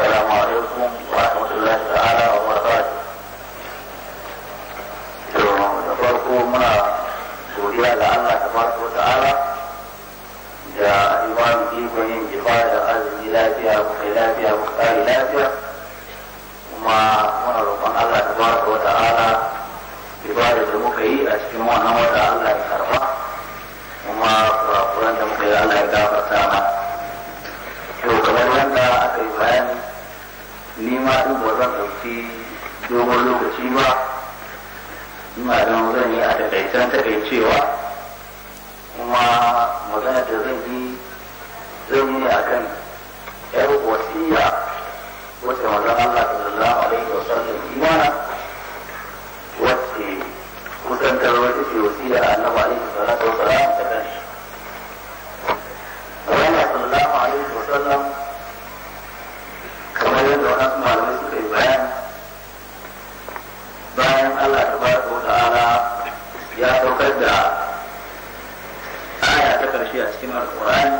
السلام عليكم ورحمة الله تعالى وبركاته muna godiya ga Allah ta barko ta'ala da imamu ikon yin da azumi lafiya kuma lafiya kuma tsari kuma muna roƙon Allah ibada da muka a cikin wannan wata Allah ya karba da to kamar aka yi bayani ni ma ɗin ba zan ɗauki dogon lokaci ba ina don zan yi a takaitan takaicewa kuma magana da zan yi zan yi a kan yar wasiya wacce mazan Allah a alaihi wa sallam imana wacce kusantar wata ce wasiya annabi alaihi salatu wa sallam da kanshi. Allah sallallahu alaihi wa sallam kamar yadda wasu malamai suka yi bayani bayan Allah ta baraka ta'ala ya saukar da aya ta ƙarshe a cikin alƙur'ani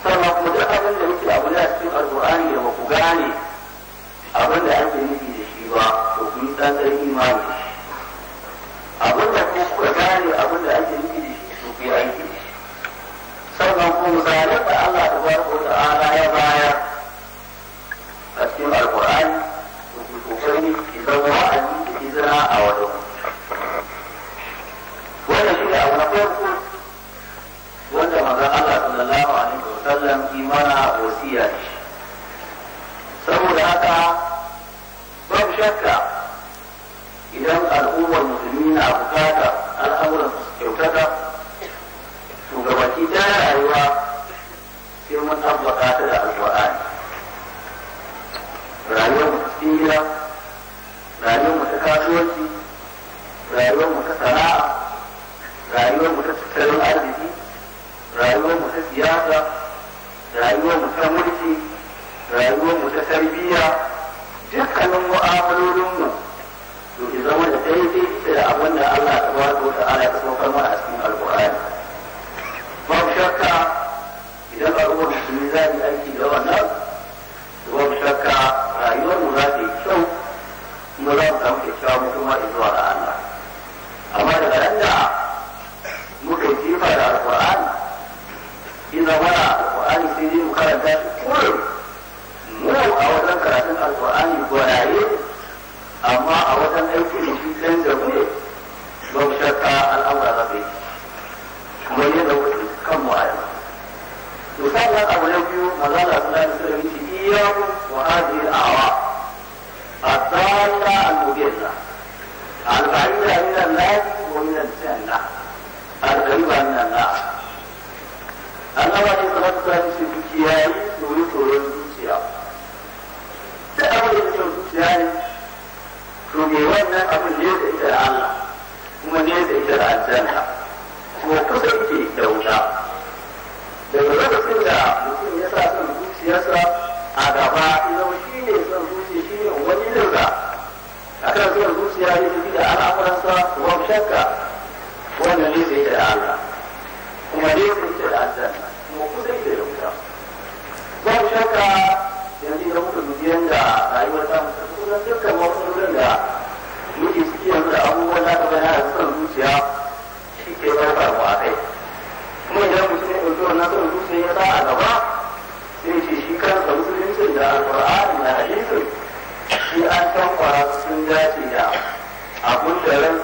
sannan kuma duk abin da yake abu na cikin alkur'ani da ba ku gane abin da ake nufi da shi ba to kun dan dan imani abin da ku ku gane abin da ake nufi da shi to ku yi aiki sannan kuma misalan da Allah tabaraka wa ta'ala ya bayar a cikin alkur'ani to ku kokari ki zama wa'azi da izina a wajen wannan shi ne abu na farko wanda manzon Allah wasallam imana wasiya shi saboda haka babu shakka idan al'ummar musulmi na bukata al'amuran kyautata to gabaki ta rayuwa sai mun tabbata ta da alƙur'ani rayuwar mu ta tsira rayuwar mu ta kasuwanci rayuwar mu ta sana'a rayuwar mu ta tattalin arziki rayuwar mu ta siyasa rayuwar mu ta mulki rayuwar mu ta tarbiyya dukkanin mu'amalolin mu to ki zama da daidai take da abin da Allah ta tabaraka wa ala ta saukar mana a cikin alƙur'ani babu shakka idan al'ummar musulmi za yi aiki da wannan babu shakka rayuwar mu za ta yi kyau kuma za mu samu kuma in zuwa ga Allah amma daga nan da muka yi jifa da alƙur'ani shi zamana alƙur'ani sai dai mu karanta shi kullum mu a wajen karatun alƙur'ani gwanaye amma a wajen aiki da shi ɗan jamu ne ba mu shakka al'amura zaɓe kamar yadda kan mu a yanzu. Misalin abu na biyu magana seven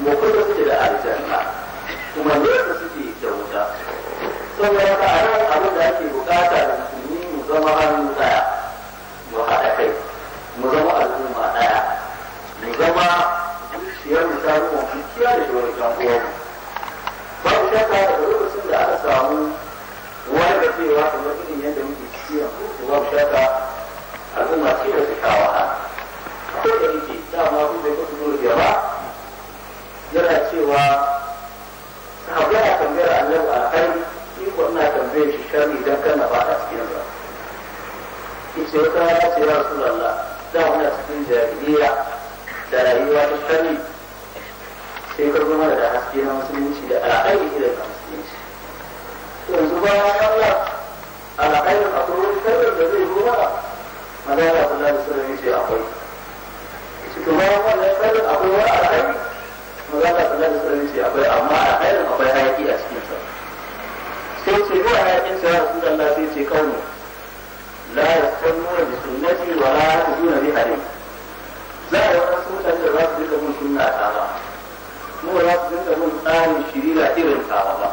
mukullin suke da aljanna kuma nesa suke da wuta saboda da a yau abin da ake bukata da musulmi mu zama hannu daya mu haɗa kai mu zama al'umma daya mu zama zuciyar mu ta ruwan kuciya da shi wani mu babu shakka daga lokacin da aka samu wani da cewa kamar irin yadda muke ciki yanzu babu shakka al'umma ce da suka wahala ko da yake dama abin da ya kasu dole ba yana cewa sahabbai na tambayar annabi alkhairi shi ko ina tambayar shi sharri idan kan na a cikin sa yace wata rana ce ya rasulullah da muna cikin jahiliya da rayuwa ta sharri sai ka zo mana da haske na musulunci da alkhairi irin na musulunci yanzu ba ya Allah alkhairin akwai wani sharrin da zai zo mana magana kula da sallallahu alaihi wasallam yace akwai shi to bayan wannan sharrin akwai wani alkhairi maza ka sallar da sallar ce akwai amma a kairin akwai hayaki a cikinsa sai ce ruwa hayakin sa ya rasu Allah sai ce kaunu la yastannu bi sunnati wa la yaquduna bi hadith za a yi wasu mutane da za su dinga bin sunna ta ba mu za su dinga bin tsarin shirira irin ta ba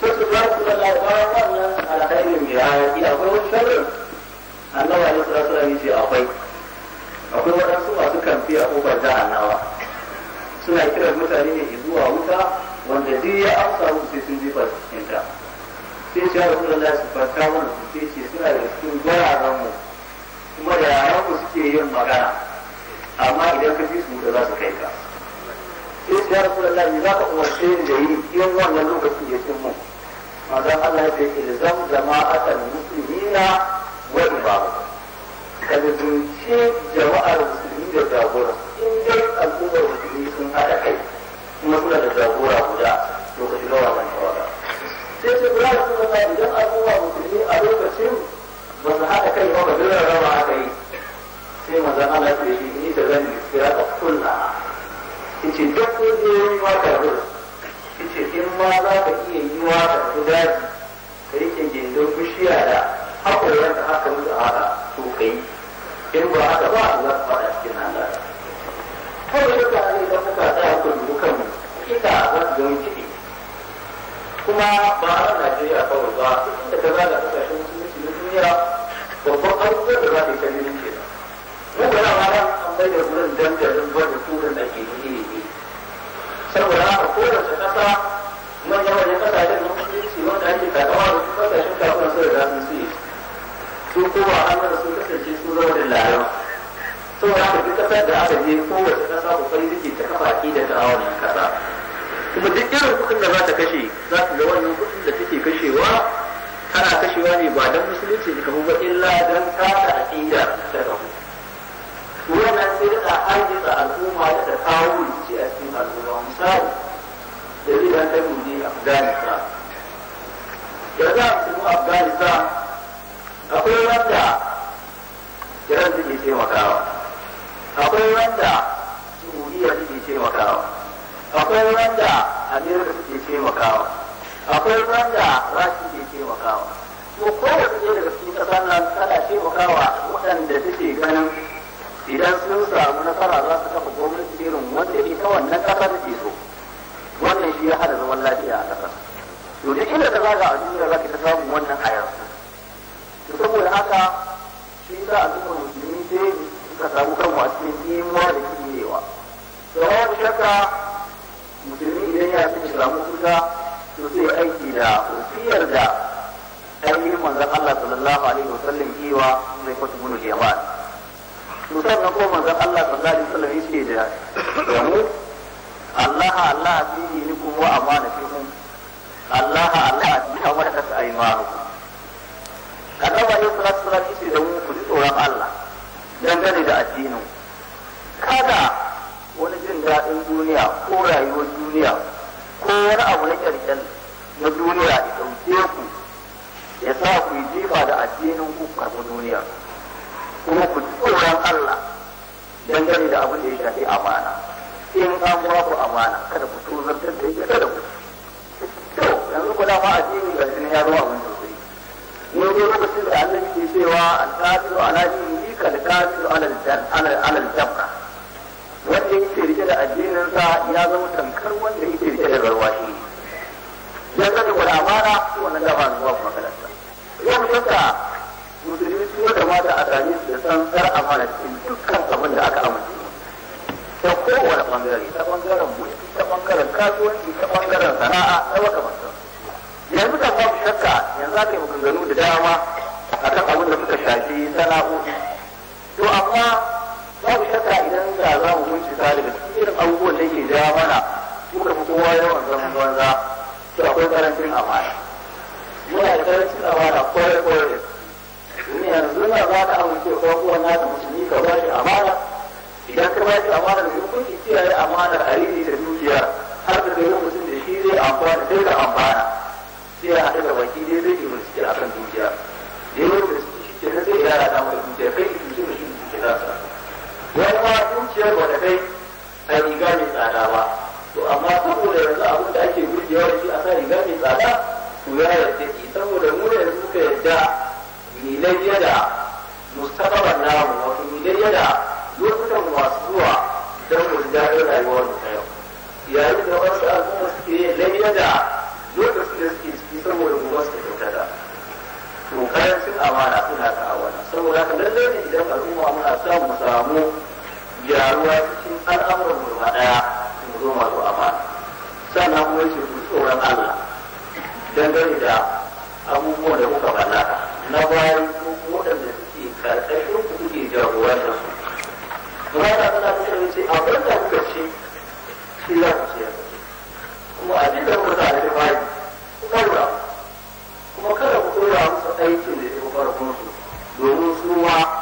sai su za su dinga bayan wannan alkhairin bi hayaki akwai wani sharrin annabi ne su da sallam ce akwai akwai waɗansu masu kamfi a kofar jahannama suna kiran mutane ne zuwa wuta wanda duk ya amsa musu sai sun jefa su cikin ta sai shi rasu da su farka mana su sai ce suna da cikin gwararen mu kuma da yaran mu suke yin magana amma idan ka ji su da za su kai ka sai shi rasu da lafi za ka umarce ni da yi yin wannan lokacin ya cin mu manzon Allah ya ce ilzam jama'atan muslimina wa imamu ka zunci jama'ar musulmi da jagoransu in dai al'ummar musulmi kun haɗa kai kuma kula da jagora guda to ka shiga wannan tawaga sai su kula da suka idan al'umma musulmi a lokacin ba su haɗa kai ba ba zira rama aka yi sai maza Allah ya ce ni da zan yi kira da kulla ce duk yi ma ka rubuta yace in ma za ka iya yi wa da daji ka yake gindin bishiya da haƙoran da aka mutu haka to kai in ba haka ba za ka faɗa cikin Allah. Kawai suka dubu kanmu ita za su zama kiɗi kuma ba a Najeriya kawai ba duk inda ka zaga kasashen musulunci na duniya babban abubuwan da za ta yi kalilin ke mu ba na mara an da wurin dandalin ba da turin da ke yi ne saboda a kowace ƙasa manyan manyan ƙasashen na musulunci wanda ake takama da su ƙasashen kafin su da za su su yi su kuma hannun sun kasance su zama da larabawa saboda haka duk kasar da aka je kowace kasa kokari take ta kafa aƙidar da awon kasa kuma duk irin kuɗin da za ta kashe za ta ga wannan kuɗin da take kashewa tana kashewa ne ba don musulunci da kafu ba illa don tata aƙida ta kafu wannan sai da arzikin al'umma da ta kawo rikici a cikin al'umma misali da zai dan kai muje afghanistan da za a samu afghanistan akwai wanda jiran suke taimakawa wanda saudiya suke taimakawa akwai wanda amerika suke taimakawa akwai wanda rashi ke taimakawa ko kowace ɗaya daga cikin ƙasar nan tana taimakawa waɗanda suke ganin idan sun samu nasara za su kafa gwamnati irin wanda ta wannan ƙasa ke so wannan shi ya hada zaman lafiya a ƙasa to duk inda ka zaga a duniya za ka ta samun wannan hayar su saboda haka shi za a zuba musulmi sai muka samu kan a cikin imuwa da kiyewa to babu shakka musulmi idan ya fi samu kusa to sai aiki da wasiyar da ainihin manzan Allah sallallahu alaihi wasallam kiwa zai fata bunu jama'a to sannan ko manzan Allah sallallahu alaihi wasallam yake da mu Allah Allah fi dinikum wa amanatikum Allah Allah fi amanatat aymanukum annabi sallallahu alaihi wasallam yake da mu ku tsoron Allah dangane da addinin kada wani jin daɗin duniya ko rayuwar duniya ko wani abu na ƙyarƙyar na duniya da ɗauke ku ya sa ku yi jifa da addinin ku karɓi duniya kuma ku tsoron Allah dangane da abin da ya shafi amana in an ba ku amana kada ku tozartar da ita kada ku to yanzu ku dama addini ga ya zo abin sosai ne dai lokacin da Allah ke cewa an tafi ala dini kalkatu alal jabka wanda yake rike da addininsa ya zama tamkar wanda yake rike da garwashi ya zama gwada amana wannan gaba zuwa kuma kalarsa yau shakka musulmi su da mata a sami su da san kar amana cikin dukkan abin da aka amince ta kowane bangare ta bangaren mulki ta bangaren kasuwanci ta bangaren sana'a ta masu yanzu ta babu shakka yanzu aka yi maganganu da dama akan abin da suka shafi sana'o'i to amma babu shakka idan da za mu bincika daga cikin irin abubuwan da ke jawo mana muka fi kowa yawan zaman banza to akwai karancin amana muna da karancin amana kwarai kwarai ne yanzu na za ka amince ko kuwa na da musulmi ka ba shi amana idan ka ba shi amana da hukunci kiyaye amana a rini da dukiya har da gari mutum da shi zai amfana sai ka amfana sai ya haɗa da baki dai zai yi mulki akan dukiya dai wani da shi ke sai zai yara ta mai dukiya kai za wani ma ba da kai a riga mai tsada ba to amma saboda yanzu abin da ake burgewa da shi a sa riga mai tsada to ya yarda ki saboda mu yanzu suka yarda milai da mustaqbal namu wato milai da lokutan masu zuwa don mu daɗin rayuwar mu ta yau yayin da wasu al'umma suke yin lafiya da lokacin da suke ciki saboda mu wasu kyautata kayan karancin amana suna ka awana saboda haka lallai ne idan al'umma muna samu samu gyaruwa cikin al'amuran mu ba daya mu zo masu amana sannan kuma yake ku tsoron Allah dangane da abubuwan da kuka mallaka na bayan ko waɗanda suke karkashin ku kuke da su ba ta tana cikin ce abin da kuka ce shi za ku ce kuma a da kuka sa a cikin bayan kuma kuma kada ku koya musu aikin da ya fi farkon domin su ma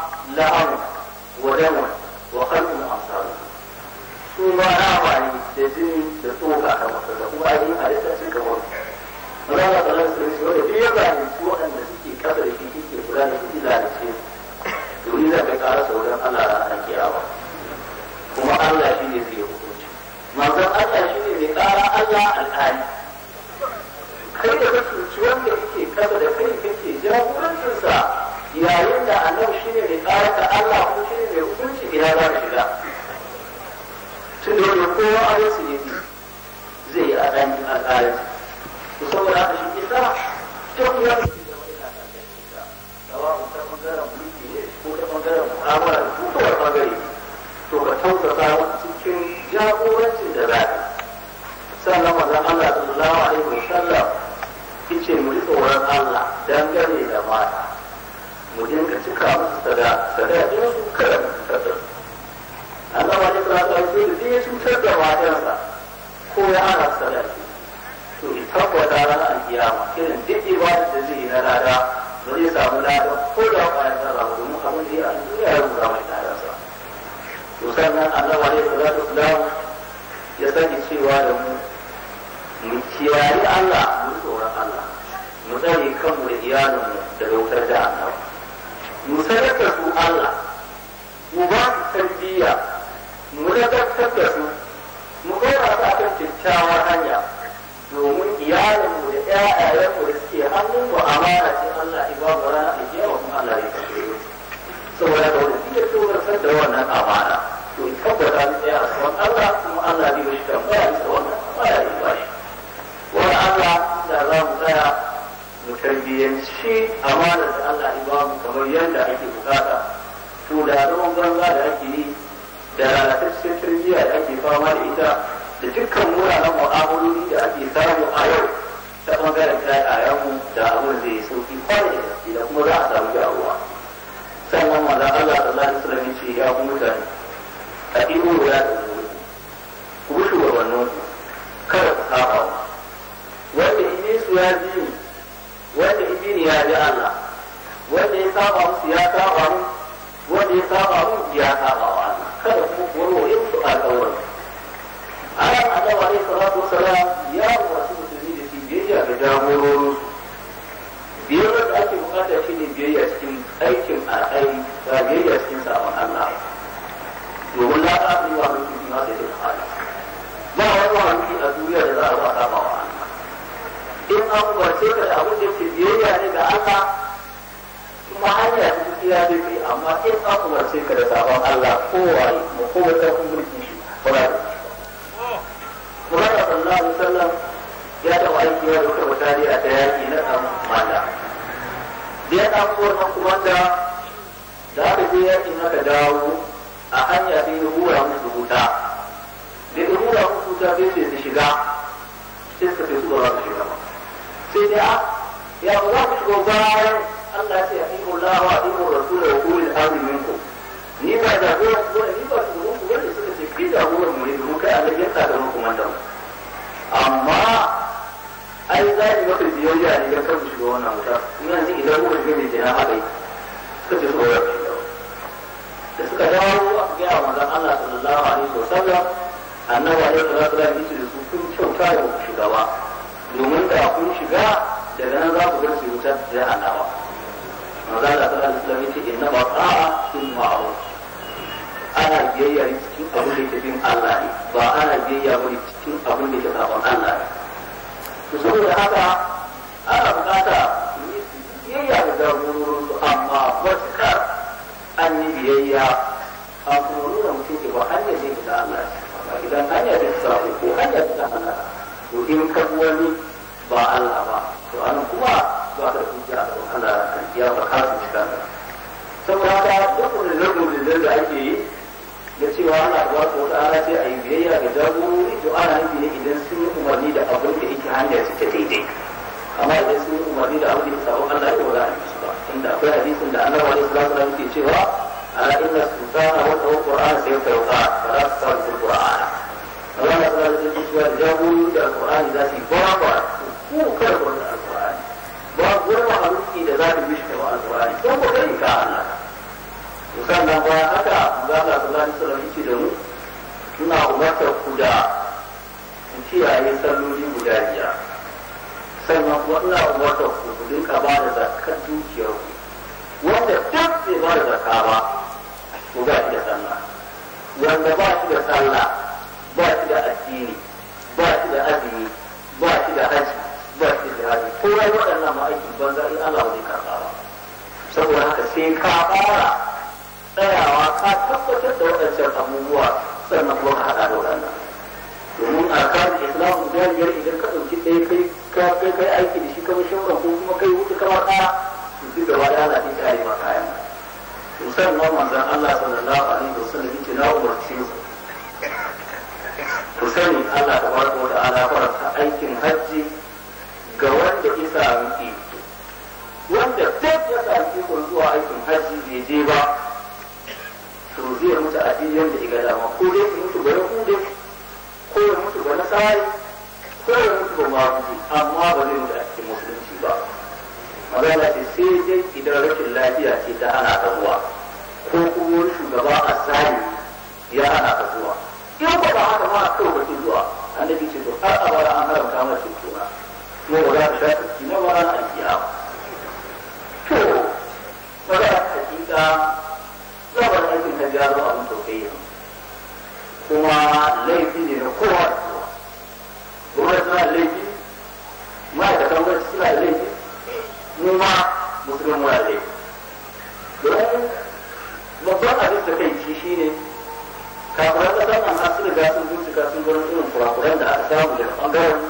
kiyama irin duk ibadar da zai yi na rada ba zai samu ladan ko da kwayar zarra ba domin abin da ya an duniya ya rubuta mai tare sa to sannan Allah wa alaihi salatu wasalam ya sani cewa da mu mu kiyaye Allah mu tsoron Allah mu tsare kanmu da iyalinmu da wutar da Allah mu sadaka su Allah mu ba su tarbiyya mu nagartar da su mu ɗora su akan kyakkyawar hanya domin iyalinmu 'ya'yan ku da suke hannun ku amana ce Allah ya ba mu rana a jiya kuma Allah ya kashe ku saboda da wani suke so rasar da wannan amana to in tabbata an tsaya a tsawon Allah kuma Allah zai mishi tambaya bisa wannan amana ya ba shi wani Allah da za mu tsaya mu tarbiyyanci amana da Allah ya ba mu kamar yadda ake bukata to da zaman banza da ake yi da lalatacciyar tarbiyya da ake fama da ita da dukkan wuraren mu'amaloli da ake samu a yau ta ɓangaren kayayenmu da abin zai yi sauki kwarai da da kuma za a samu jawowa sannan maza Allah sallallahu alaihi wasallam ya ce ya ku mutane a ɗigo ya ɗauki ya laifi amma in an umarce ka da sabon Allah kowaye mu kowa karfin mulki shi ba za Kuma da sallallahu alaihi wasallam ya taɓa aiki ya rubuta mutane a ta yaƙi na ɗan mata. Da ya ɗan kuwar nan kuma da da aka je yaƙin na ka dawo a hanya sai ya hura musu wuta. Da ya hura musu wuta sai sai su shiga sai suka fi zuwa su shiga ba. Sai dai ah, ya ba za su shiga bayan Allah ya ce aqimu Allah wa aqimu rasul wa minkum ni ba da gora ku ni ba ku gora ku ne suka ce ki da ne mu kai Allah ya ka da mu kuma da amma ai za ni maka biyayya ne ga kan shiga wannan wuta kuma yanzu idan kuka shiga mai jina suka ce tsoron da suka dawo a gaya wa Allah sallallahu alaihi wasallam annabi alaihi salatu wa sallam da su kun kyauta da shugaba domin da kun shiga daga nan za ku bar su wuta da alawa maza da sallallahu alaihi wasallam yace inna ma ta'a fil ma'ruf ana biyayya ne cikin abin da yake bin Allah ne ba ana biyayya bane cikin abin da yake sabon Allah ne to saboda haka ana bukata biyayya da jagorin su amma matukar an yi biyayya a kuma nuna mutum ke ba hanyar da zai fita Allah ba idan hanyar da ta fita ko hanyar da ta Allah to in kan wani ba Allah ba to anan kuma ba ka tuja da Allah ya makasu shi kansa saboda ta duk rubuce-rubuce da ake yi da cewa ana zuwa ko ta'ala sai a yi biyayya ga jagorori to ana nufi ne idan sun Allah sallallahu alaihi wasallam yake na umarci ku ku sani Allah tabaraka wa ta'ala faranta aikin hajji ga wanda ya isa muke wanda duk ya sami ikon zuwa aikin hajji bai je ba to zai mutu a filin da iga dama ko dai ku mutu ga yahudu ko ya mutu ga nasari ko ya mutu ga mabudu amma ba zai mutu a cikin musulunci ba magana ce sai dai idan rashin lafiya ce ta hana ta zuwa ko kuma shugaba a tsari ya hana ka zuwa in ba ba haka ma a kawo bakin zuwa annabi ce to har a bara an haramta mara cin tuna kuma ba za ka sha tsaki na bara na alkiyama to ba za bara hakika zabar aikin hajji ya zo abin tausayi kuma laifi ne na kowa da kowa gwamnati suna laifi ma'aikatan gwamnati suna laifi mu ma musulmi muna laifi don babban abin da kai shi shine da sun amma su riga sun bincika sun gano irin kurakuran da aka samu daga bangaren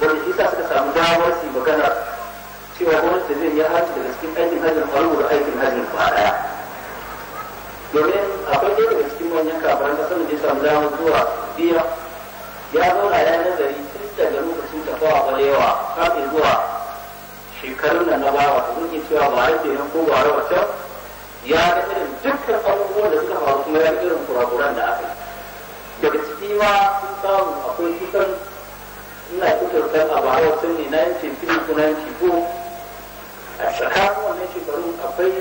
wanda isa suka samu damar su magana cewa gwamnati zai yi hajji daga cikin aikin hajji faru da aikin hajji ba daya domin akwai ɗaya daga cikin manyan kafiran da da ya samu damar zuwa biya ya zauna ya nazari tun daga lokacin tafawa kwarewa kafin zuwa shekarun da na bawa da muke cewa ba a ko ba a can ya ga irin dukkan abubuwan da suka faru kuma ya ga irin kurakuran da aka yi daga ciki ma sun samu akwai kusan ina kusurtar kan bara sun ne na yanci fili ko na yanci ko a tsakanin wannan shekarun akwai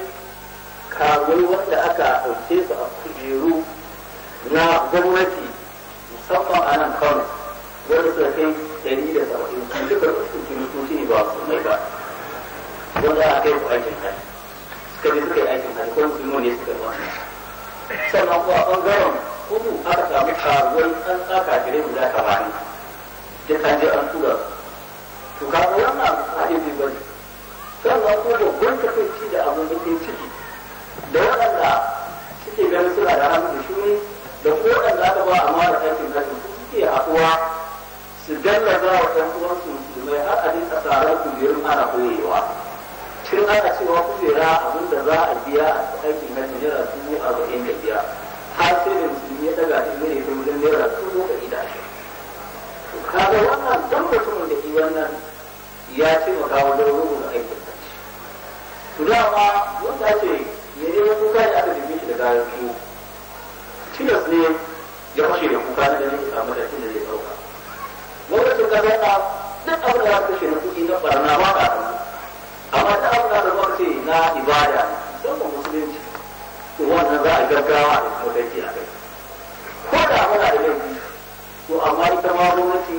kawai wanda aka ɗauke su a kujeru na gwamnati musamman a nan kawai wanda suka kai ɗari da saba'in duka shi ne ba su mai ba wanda aka yi ku aikin kai sai je suka yi aikin hari ko musulmi ne suka yi wannan sannan ko a bangaren kudu aka samu karuwar an tsaka gare guda tamanin duk an je an tura to ka ga wannan hadisi bai ne sannan kuma da gwanta kai ci da abin da ke ciki da waɗanda suke ganin suna da hannu da shuni da ko waɗanda aka ba a mara aikin hajji suke haɗuwa su gallaza wa ɗan uwansu musulmai har a dinka tsaron kujerun ana koyewa tun ana cewa kujera a za a biya a aikin hajji naira dubu arba'in da biya har sai da musulmi ya daga da mere da wajen naira dubu ɗari da ashirin to kaga wannan dan mutumin da ke wannan ya ce ma kawo da rubuta aikin hajji to dama wanda ce me ne kuka da aka dubi shi da kayan kiwo tilas ne ya fashe da kuka na ganin samu da tun da zai ɗauka gwamnatin kasa ta duk abin da ya kashe na kuɗi na ɓarna ba ka amma ta abu na da lokaci na ibada don musamman musulunci to wannan za a gaggawa da kuma laifi a kai ko da muna da laifi to amma ita ma gwamnati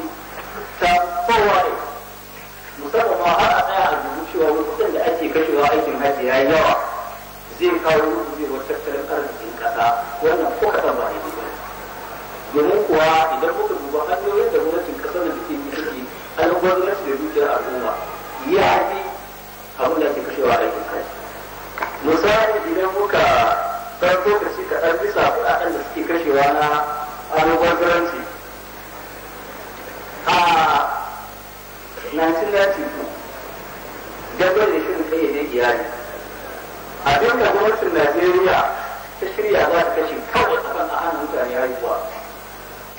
ta kowa ne musamman ma har a tsaya a dubu cewa lokutan da ake kashewa aikin hajji ya yi yawa zai kawo rubutewar tattalin arzikin kasa wannan ko kasan ba ne ba domin kuwa idan muka duba hanyoyin da gwamnatin kasar da suke yi suke an gwamnati da dukiyar al'umma ya fi abin da ke kashewa aikin kai. misali idan muka ɗan lokaci kaɗan bisa kuɗaɗen da suke kashewa na almubazzaranci a 1992 gabar da shirin ne iyali abin da gwamnatin najeriya ta shirya za ta kashe kawai a kan hannun mutane haihuwa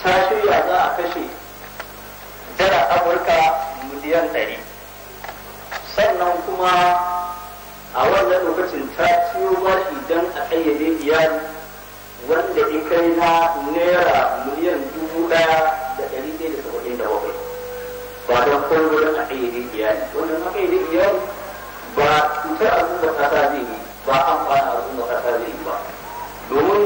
ta shirya za a kashe dala amurka miliyan ɗari sannan kuma a wannan lokacin ta ciyo mar idan a kayyade iyali wanda in kai na naira miliyan dubu daya da ɗari ɗaya da saba'in da bakwai ba don kawai wurin a kayyade iyali wanda na kayyade iyali ba cutar al'ummar ƙasa zai yi ba amfana al'ummar ƙasa zai yi ba domin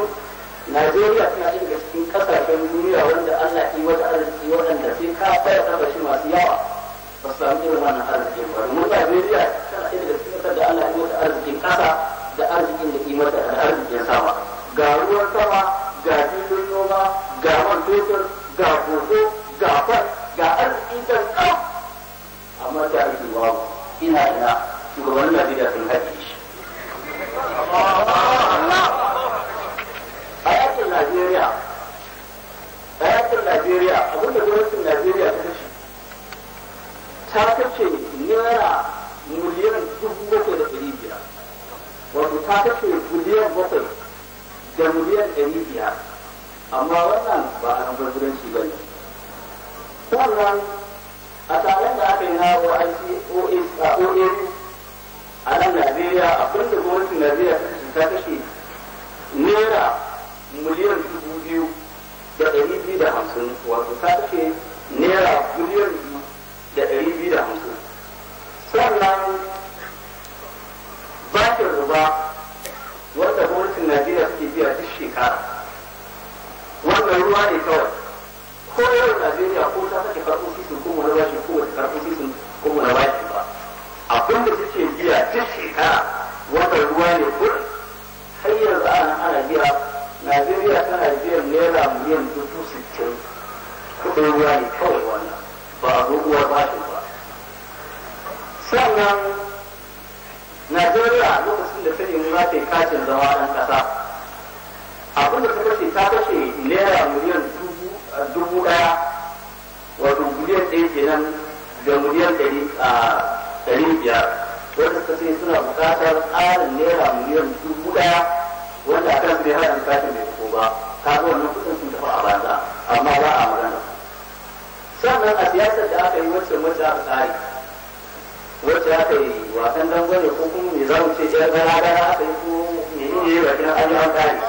najeriya tana yin da cikin ƙasashen duniya wanda allah ke wata arziki waɗanda sai ka fara ƙasashe masu yawa ba su samu irin wannan arzikin ba tana da Allah ya mata arzikin ƙasa da arzikin da ke mata da arzikin sama ga ruwan sama ga filin noma ga man fetur ga koko ga fan ga arziki da ƙaf amma ta aiki babu ina ina shugabannin Najeriya sun haɗe naira miliyan dubu sittin kuɗin ruwa ne kawai wannan ba a ruwa ba shi ba sannan najeriya lokacin da ta nemi za ta yi kacin zama ɗan ƙasa abinda ta kashe ta kashe naira miliyan dubu ɗaya wato miliyan ɗaya kenan da miliyan ɗari biyar wanda ta ce suna buƙatar ƙarin naira miliyan dubu ɗaya wanda a kan sai haɗin kacin bai ko ba ka ga wannan kudin sun tafi a banza amma ba a magana sannan a siyasar da aka yi wacce wacce aka tsari wacce aka yi wasan dangane ko kuma me za mu ce ya gara gara aka yi ko me menene ya bakin an yi an tsari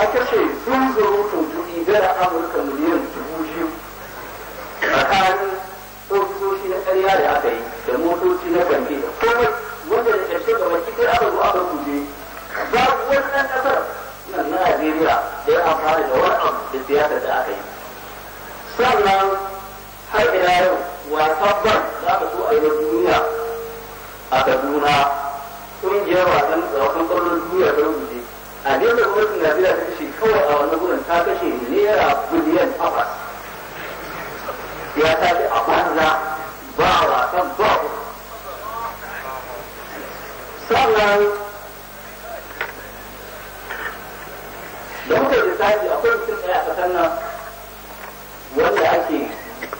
a kashe zunzurutun kuɗi gara amurka miliyan dubu biyu tsakanin ofisoshi na ƙarya da aka yi da motoci na kamfe da komai wanda da ƙarshe gaba kitai aka zo aka kuje babu wannan ƙasar ministan na Najeriya da ya amfani da wani da siyasar da aka yi sannan har ina yau wasan ban za ka so a yi duniya a Kaduna ƙungiyar wasan wasan ƙwallon duniya ta rubuce a da gwamnatin Najeriya ta kashe kawai a wannan gurin ta kashe naira biliyan takwas ya tafi a banza ba wasan ba sannan da muka yi tsari akwai mutum ɗaya a ƙasar nan wanda ake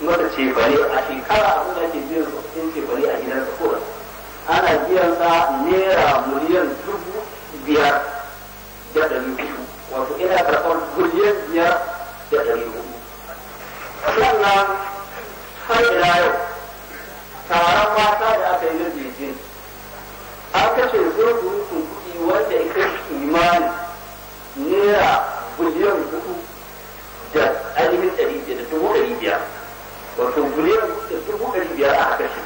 masa cefane a shekara abin da ake biyan kuɗin cefane a gidansa kowa ana biyan sa naira miliyan dubu biyar da ɗari uku wato ina karɓar miliyan biyar da ɗari uku sannan har ila yau taron mata da aka yi na beijing an kashe zurgurutun kuɗi wanda ya kai kimanin naira biliyan hudu da ajiyar ɗari biyar da dubu ɗari biyar wato biliyan da dubu ɗari biyar a haka shi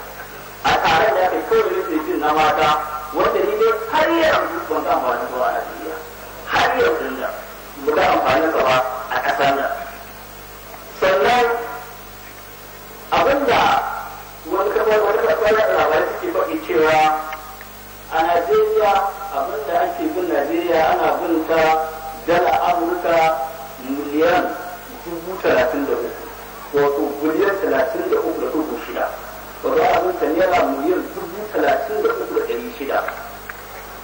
a tare da aka kawai da jin na mata wanda ni dai har yanzu ban ga amfani ba a duniya har yanzu da ba ga amfani ba a ƙasa na sannan abinda wani kafar wani kafar da labarai suke faɗi cewa a Najeriya abinda ake bin Najeriya ana bin ta dala amurka miliyan dubu talatin da uku wato miliyan talatin da uku da dubu shida wato amurka naira miliyan dubu talatin da uku da ɗari shida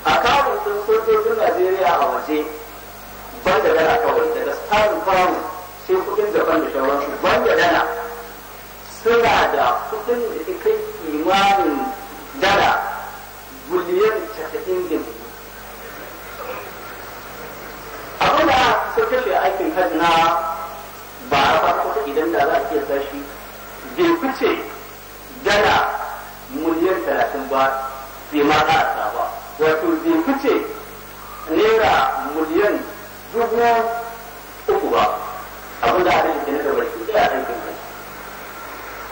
a kamun sun sojojin najeriya a waje ban da dala kawai daga tsarin kamun sai kudin japan da shawararsu ban da dala suna da kudin da kai imanin dala miliyan casa'in da sun kashe aikin hajji na ba a farko idan da za a iya tashi bai fice dala miliyan talatin ba bai ma a ba wato bai fice naira miliyan dubu uku ba abin da aka shi da baki ɗaya a aikin hajji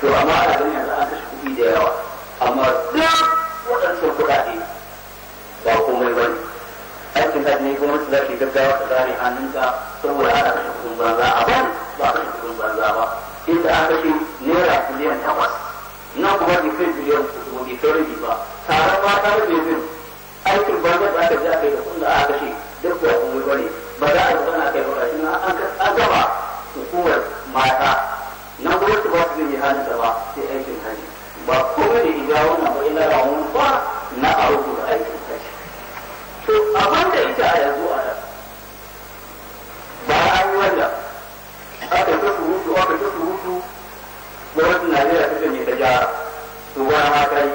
to amma a ganin yanzu an kashe kuɗi da yawa amma duk waɗansu kuɗaɗe yin haji ne gwamnati za ta yi gaggawa ta zare hannunta saboda ana kashe kudin banza a ban ba kashe kudin banza ba inda an kashe naira biliyan takwas na kuma bai kai biliyan kudu bai kai rabi ba taron mata da bebin aikin banza da aka je aka yi da kudin da aka kashe duk ba kuma ba ne ba za a zama kai ba shi na an gaba hukumar mata na gwamnati ba su zai yi hannunta ba sai aikin haji ba kowane ya jawo nan ba ila ramun ba na a da aikin to abin da ita a yanzu a nan ba an yi wannan aka ta surutu aka ta surutu gwamnatin najeriya ta janye ta gyara to ba ma ta yi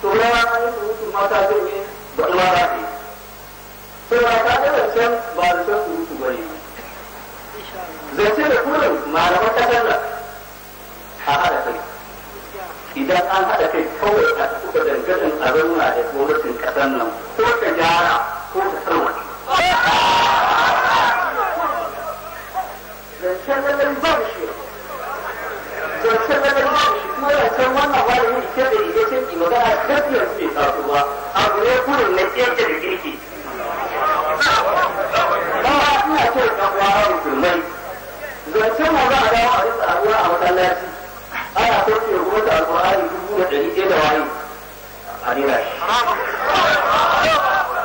to ba ma an yi surutu ma ta janye ba ta ba ta yi to ba ta da zancen ba da can surutu ba ne zance da kurin malaman kasar nan a haɗa yi. idan an haɗa kai kawai a kuka dangadin a zauna da gwamnatin ƙasar nan ko ta gyara ko ta sarwace. Zancen lalari ba da shi. Zancen lalari ba da shi kuma zancen wannan ba da yake da yi ide canji magana gaskiyar su bai taso ba abu ne kurin na ƙirƙe da girki. Ba ina so ɗan uwa musulmai zancen ma za a dawo a rika a masallaci ana so ke rubuta alƙur'ani dubu da ɗari ɗaya da waye a rera shi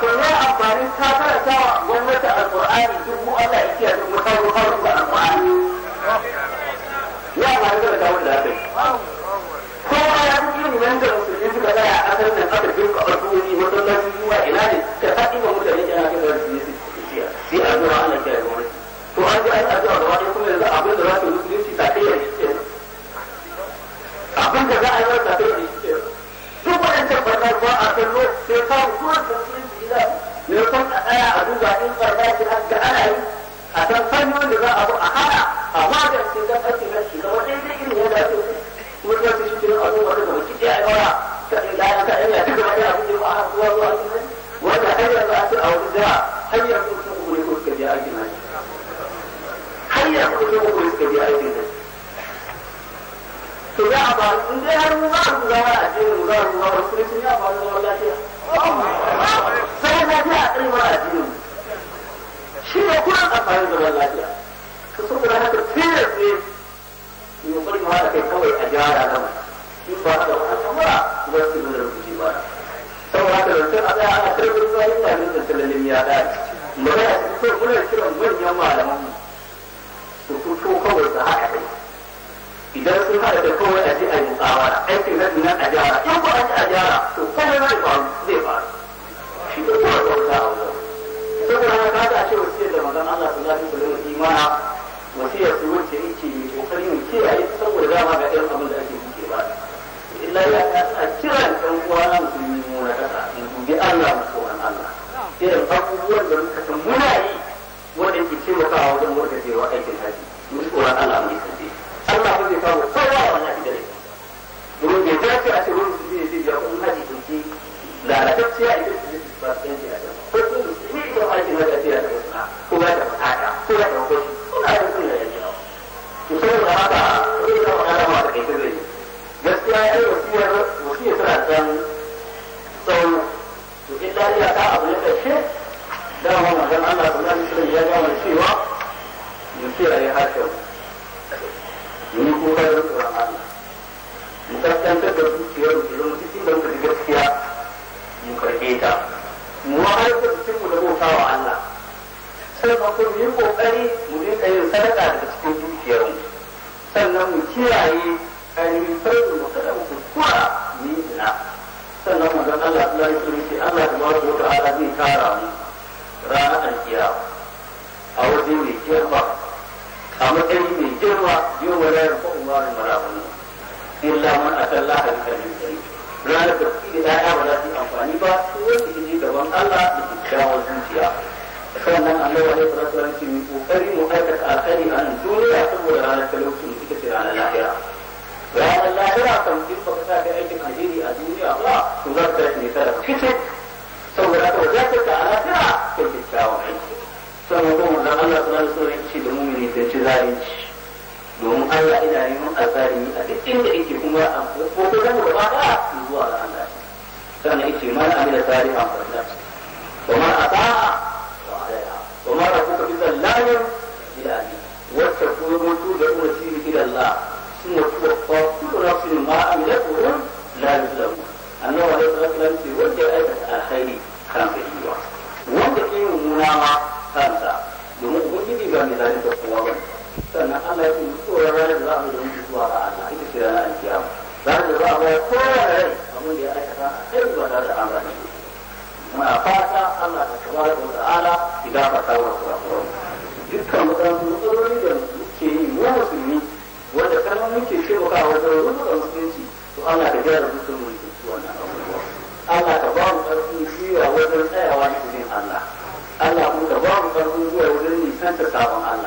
to amfani ta karanta wa gwamnati alƙur'ani dubu ana ikiya dubu kan rufar da alƙur'ani ya amfani da ta wanda aka yi kowa ya fi irin yanda musulmi suka tsaya a ƙasar nan aka je ka ɓarfi wani masallaci zuwa ina ne ka faɗi wa mutane ina kan da su yi sai a zuwa ana kiyaye gwamnati to an ji an addu'a gaba ɗaya kuma yanzu abin da za su musulunci ta kai yanzu abin da za a yi wata sai ne duk waɗancan barna kuma a kan sai kawo kuma da ila ne kun a tsaya a duba in barna ce an ga ana yi a san fannin da za a bu a hana a magance don ake na shi zama ɗaya irin yadda ake kuma kuma shi ne a zuwa da mutum ya yi wara ta ɗaya ya ta ɗaya ta gaba ɗaya abin ba a zuwa zuwa wanda har yanzu a ce a wani jiha har yanzu faru in dai har mu za mu zama a mu lafiya lafiya a shi ne lafiya ka so guda haka fiye ne yi a shi ba da ba su ba saboda haka da sai a tsaya da ya dace magana su kuma muna kiran manyan malaman su fito kawai da haka idan sun haɗa da kawai a ji a yi musawara aikin na nan a gyara in ko an ji a gyara to komai zai faru zai faru shi ne kuma ɗauka a wajen saboda haka ka wasu ce wasiyar da magana Allah su zafi su zama imana wasiyar su wuce yake yi kokari mu kiyaye saboda dama ga irin abin da ake muke ba illa ya a kiran ɗan uwana musulmi mu na kasa mu dubi Allah mu tsoron Allah irin abubuwan da muka san muna yi wanda yake taimakawa wajen warkacewa aikin haji mu tsoron Allah mu yi Allah ba zai kawo kowa wannan idan domin bai ce a ce wani musulmi ne zai talauci ita ce ranar lahira ranar lahira kan in ba ka sa aikin alheri a duniya ba to za ka tashi ne sadaka fice saboda ka wajen ta a lahira kai kyakkyawan aiki sannan kuma dan Allah subhanahu wa ta'ala yake da ne da ci zalunci domin Allah ina neman azalimi a duk inda yake kuma a ko ko da ba da zuwa ga Allah sannan yake ma amila salihan fa da wa ma ata'a wa alaiha a kuka bisa bizallahir ويمدون الوسيل الى الله ثم توفى كل نفس ما عملت وهم لا يظلمون annabi alaihi salatu wasallam ce wanda ya aikata alkhairi kan ka yi wa wanda ke mummuna ma kansa domin ubangiji ba mai zalunta kowa ba sannan Allah ya kuma tsoron ranar da za a zama zuwa ga Allah ita ce ranar alkiyama ranar da za a bayar kowa da rai abin da ya aikata a kai ba tare da Allah ne muna fata Allah ta tabaraka wa ta'ala idan ba ta wa kurakuran dukkan matsalolin da ke yi mu musulmi wanda kuma muke taimakawa wajen da musulunci to Allah ka gyara mutum su wannan abubuwa Allah ka ba mu ƙarfin shirya wajen tsayawa da izinin Allah Allah kuma ka ba mu ƙarfin zuwa wajen nisan ta sabon Allah